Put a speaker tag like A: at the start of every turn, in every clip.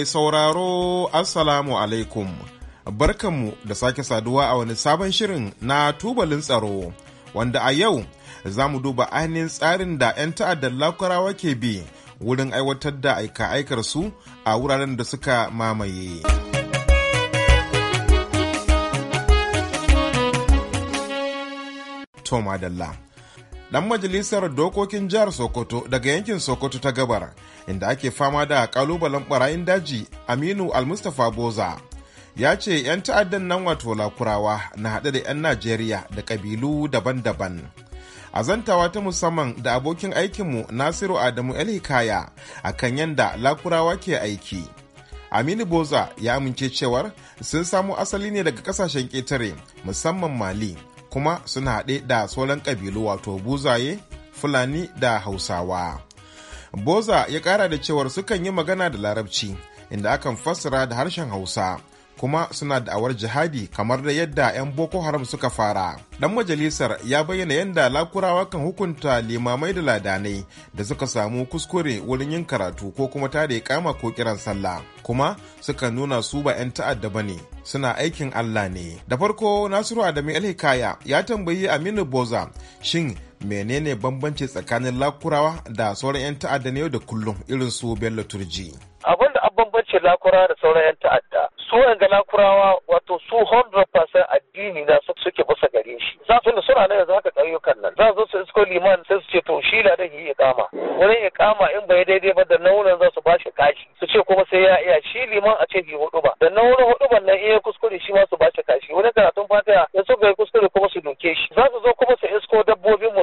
A: Mai sauraro Assalamu alaikum. Barkanmu da sake saduwa a wani sabon shirin na tubalin tsaro, wanda a yau za mu duba ainihin tsarin da 'yan ta'addar lakurawa ke bi wurin aiwatar da aika-aikar su a wuraren da suka mamaye. Toma Dalla. dan majalisar dokokin jihar Sokoto daga yankin Sokoto ta gabar, inda ake fama da kalubalen barayin daji Aminu Almustapha Boza. Ya ce 'yan ta'addan nan wato lakurawa na haɗe da 'yan Najeriya da ƙabilu daban-daban. A zantawa ta musamman da abokin aikinmu Nasiru Adamu El Hikaya a kan yadda lakurawa ke aiki. Aminu Boza ya amince cewar sun samo asali ne daga ƙasashen ƙetare musamman Mali. kuma suna haɗe da sauran ƙabilu wato buzaye fulani da hausawa boza ya ƙara da cewar sukan yi magana da larabci inda akan fassara da harshen hausa kuma suna da'awar jihadi kamar da yadda 'yan boko haram suka fara dan majalisar ya bayyana yadda lakurawa kan hukunta limamai da ladanai da suka samu kuskure wurin yin karatu ko kuma ta ya kama ko kiran sallah kuma suka nuna su ba 'yan ta'adda ba ne suna aikin allah ne da farko nasiru adamu alhikaya ya tambayi aminu boza shin menene bambanci tsakanin lakurawa da sauran 'yan ta'adda na yau da kullum irin su bello turji
B: abin da bambanci lakurawa da sauran 'yan ta'adda su waɗanda kurawa wato su 100% addini na suke basa gare shi za su da suna za zaka haka ƙauyukan nan za su su isko liman sai su ce to shi na da yi iƙama ya iƙama in bai daidai ba da naunan za su bashi kashi su ce kuma sai ya iya shi liman a ce bi hudu ba da naunan hudu ban nan iya kuskure shi ma su bashi kashi Wani karatun fata ya su ga kuskure kuma su doke shi za su zo kuma su isko dabbobin mu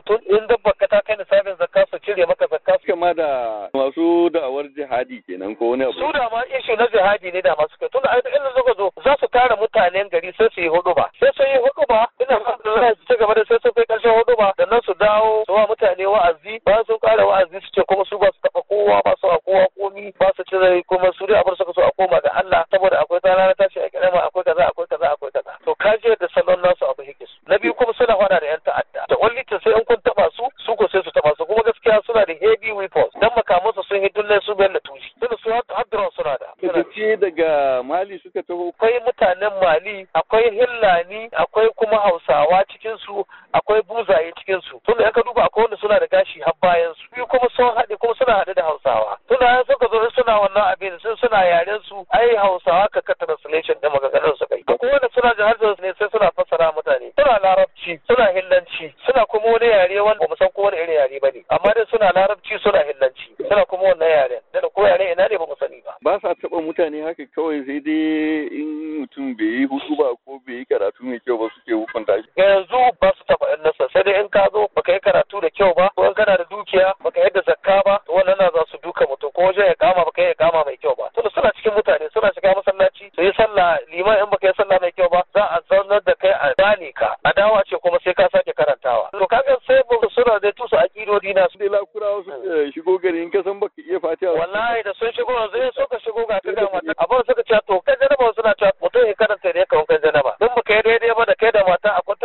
B: ci gaba da sai sun kai ƙarshen hudu ba nan su dawo su wa mutane wa'azi bayan sun ƙara wa'azi su ce kuma su ba su taɓa kowa ba su a kowa komi ba su ci rai kuma su dai abin suka so a koma ga Allah saboda akwai tsara na tashi a ƙarama akwai kaza akwai kaza akwai kaza to kaje da salon nasu abu hike su na biyu kuma suna fada da yan ta'adda da wani sai in kun taɓa su su ko sai su taɓa su kuma gaskiya suna da heavy weapons dan makamansu sun yi dullai su bayan da tushi Suna su hadduran suna da. ce daga Mali suka taho. Akwai mutanen Mali, akwai Hillani, akwai kuma Hausawa cikin su akwai buzaye cikin su tunda ya ka duba akwai wanda suna da gashi har bayan su biyu kuma sun haɗe kuma suna haɗe da Hausawa tunda an suka zo suna wannan abin sun suna yaren su ai Hausawa ka ka translation da maganganun su kai ko wanda suna jihar ne sai suna fassara mutane suna larabci suna hillanci suna kuma wani yare wanda ba mu san ko wani irin yare ba ne amma dai suna larabci suna hillanci suna kuma wannan yaren da ko yare ina ne ba mu sani ba
C: ba sa taɓa mutane haka kawai sai dai in mutum bai yi hutu ba ko bai yi karatu mai kyau ba suke
B: hukunta yanzu ba su taɓa yan nasa sai dai in ka zo baka yi karatu da kyau ba ko in kana da dukiya baka yadda zakka ba to wannan na za su duka mutum ko wajen ya kama baka yi kama mai kyau ba tunda suna cikin mutane suna shiga masallaci su yi sallah liman in baka yi sallah mai kyau ba za a zaunar da kai a gane ka a dawa ce kuma sai ka sake karantawa to kaga sai suna da tusu akidodi na su. Dela
C: kurawa su eh, shigo gari in ka san baka iya fatiha.
B: Wallahi da sun shigo yanzu in suka shigo ga ta gama abin suka ce to kai janaba suna cewa mutum ya karanta ne kawai kai ba Don baka yi daidai ba da kai da mata akwai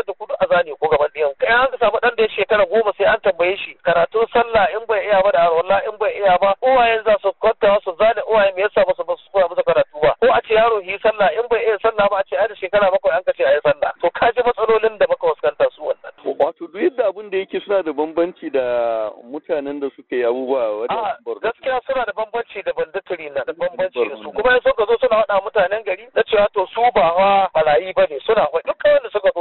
B: karatun sallah in bai iya ba da arwallah in bai iya ba uwayen za su kwanta su zane uwayen
A: me yasa ba su koya musu karatu ba
B: ko a ce yaro yi sallah in bai iya sallah ba a ce ai shekara bakwai an ka ce a yi sallah to ka ji matsalolin da baka fuskanta su wannan. wato duk
C: yadda abin da yake suna da bambanci da mutanen da suka yi abubuwa wajen gaskiya
B: suna da bambanci da banditiri na da bambanci da su kuma in suka zo suna faɗa mutanen gari na cewa to su ba wa malayi ba ne suna duk wanda suka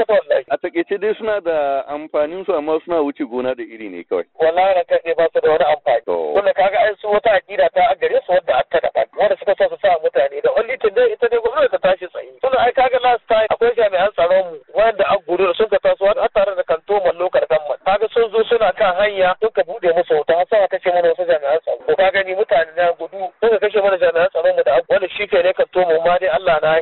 B: wallahi. A
C: takaice dai suna da amfanin su amma suna wuce gona da iri ne kawai. Wallahi na kai ba su da wani
B: amfani. Wanda kaga ai su wata akida ta a gare su wadda ta daban wanda suka sa su sa mutane da Wani only ne ita dai gwamnati ta tashi tsaye. Tunda ai kaga last time akwai jami'an tsaron mu wanda an gudu sun ka taso har tare da kanto mallo karkan mu. Kaga sun zo suna kan hanya sun ka bude musu wuta har sama kashe mana wasu jami'an tsaro. Ko ka gani mutane na gudu sun ka kashe mana jami'an tsaron mu da Wani shi ne kanto mu ma dai Allah na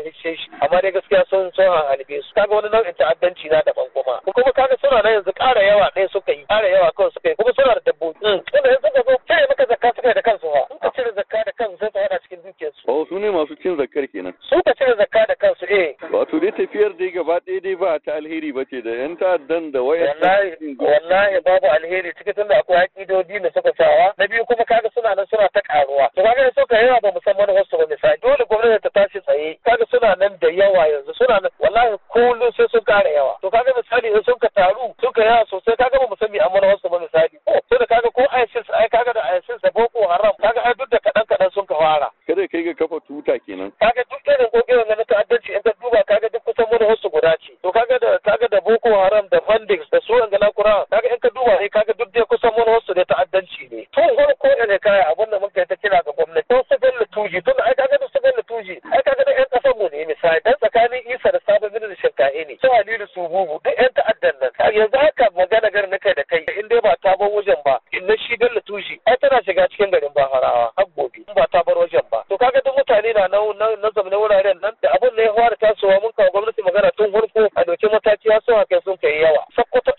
B: kaga wani nau'in ta'addanci na daban kuma kuma kaga suna na yanzu ƙara yawa ɗaya suka yi ƙara yawa kawai suka yi kuma suna da dabbobi mm. tunda yanzu ka zo cire maka zakka suka da kansu ba Sun ka ah. cire zakka da kansu sai su hada cikin dukiyarsu
C: oh su ne masu cin zakkar kenan su ka cire zakka da
B: kansu eh
C: wato dai tafiyar dai gaba ɗaya dai ba ta alheri ba ce da yan ta'addan da waya wallahi wallahi
B: babu alheri cikin tunda akwai haƙidodi da suka sawa na biyu kuma kaga suna nan suna ta ƙaruwa to kaga suka yawa ba musamman wasu ba misali dole gwamnati ta tashi tsaye kaga suna nan da yawa yanzu suna nan wallahi ko kullum sai sun kara yawa to kaga misali in sun ka taru sun ka yawa sosai kaga ba mu san me amma wasu ba misali ko to da kaga ko ISIS ai kaga da ISIS da Boko Haram kaga ai duk da kadan kadan sun ka fara
C: kada kai ga kafa tuta kenan
B: kaga duk irin gogewa na ta'addanci in ka duba kaga duk kusan mun wasu guda ce to kaga da kaga da Boko Haram da Bandits da su angala Kura kaga in ka duba sai eh, kaga duk dai kusan mun wasu da ta'addanci ne to ko ne kai abin da wane ne sai aliyu su bubu duk yan ta'addan nan yanzu haka magana gar na kai da kai in dai ba ta bar wajen ba in na shi dalla tushi ai tana shiga cikin garin ba farawa har gobe in ba ta bar wajen ba to kaga duk mutane na nan na zamanin wuraren nan da abin da ya fara tasowa mun kawo gwamnati magana tun farko a dokin mataki har sun kai sun kai yawa sakkwato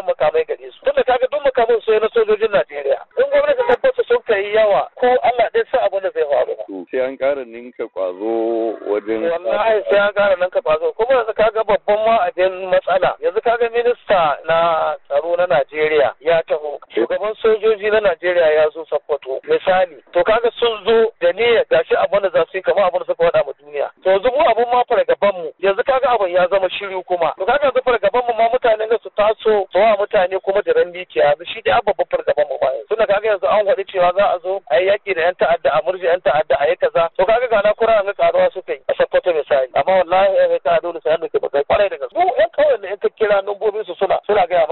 B: yin makamai gare su tunda kaga duk makaman su na sojojin Najeriya in gwamnati ta basu sun kai yawa ko Allah dai sa abin da zai faru
C: ba sai an ƙara ninka
B: kwazo wajen wallahi sai an ƙara ninka kwazo kuma yanzu kaga babban ma abin matsala yanzu kaga minista na tsaro na Najeriya ya taho shugaban sojoji na Najeriya ya zo Sokoto misali to kaga sun zo da niyyar gashi abin da za su yi kamar abin da suka faɗa duniya to yanzu mu abun ma fargaban mu yanzu kaga abun ya zama shiru kuma to kaga yanzu fargaban mu ma mutanen da su taso su wa mutane kuma da ranbi ke yanzu shi dai ababban fargaban mu bayan tunda kaga yanzu an faɗi cewa za a zo a yi yaƙi da yan ta'adda a murje yan ta'adda a yi kaza to kaga ga na kura ga karuwa suka yi a sakkwato misali amma wallahi ya eh, ta dole sai an dauke bakai kwarai da gaske mu yan kawai da yan kira numbobin su suna suna gaya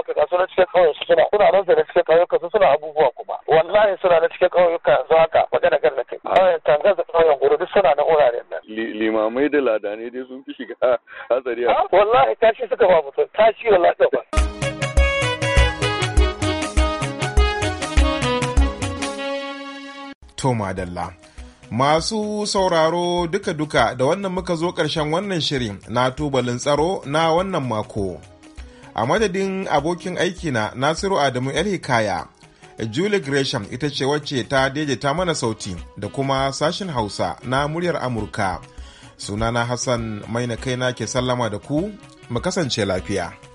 C: da dai sun fi shiga hatsari a wallahi
B: tashi suka ba mutum tashi wallahi
A: ba to madalla Masu sauraro duka-duka da wannan muka zo ƙarshen wannan shirin na tubalin tsaro na wannan mako. A madadin abokin aikina Nasiru Adamu yar Hikaya, Julie Gresham ita ce wacce ta daidaita mana sauti da kuma sashin Hausa na muryar Amurka. Sunana Hassan Maina kaina ke sallama da ku, mu kasance lafiya.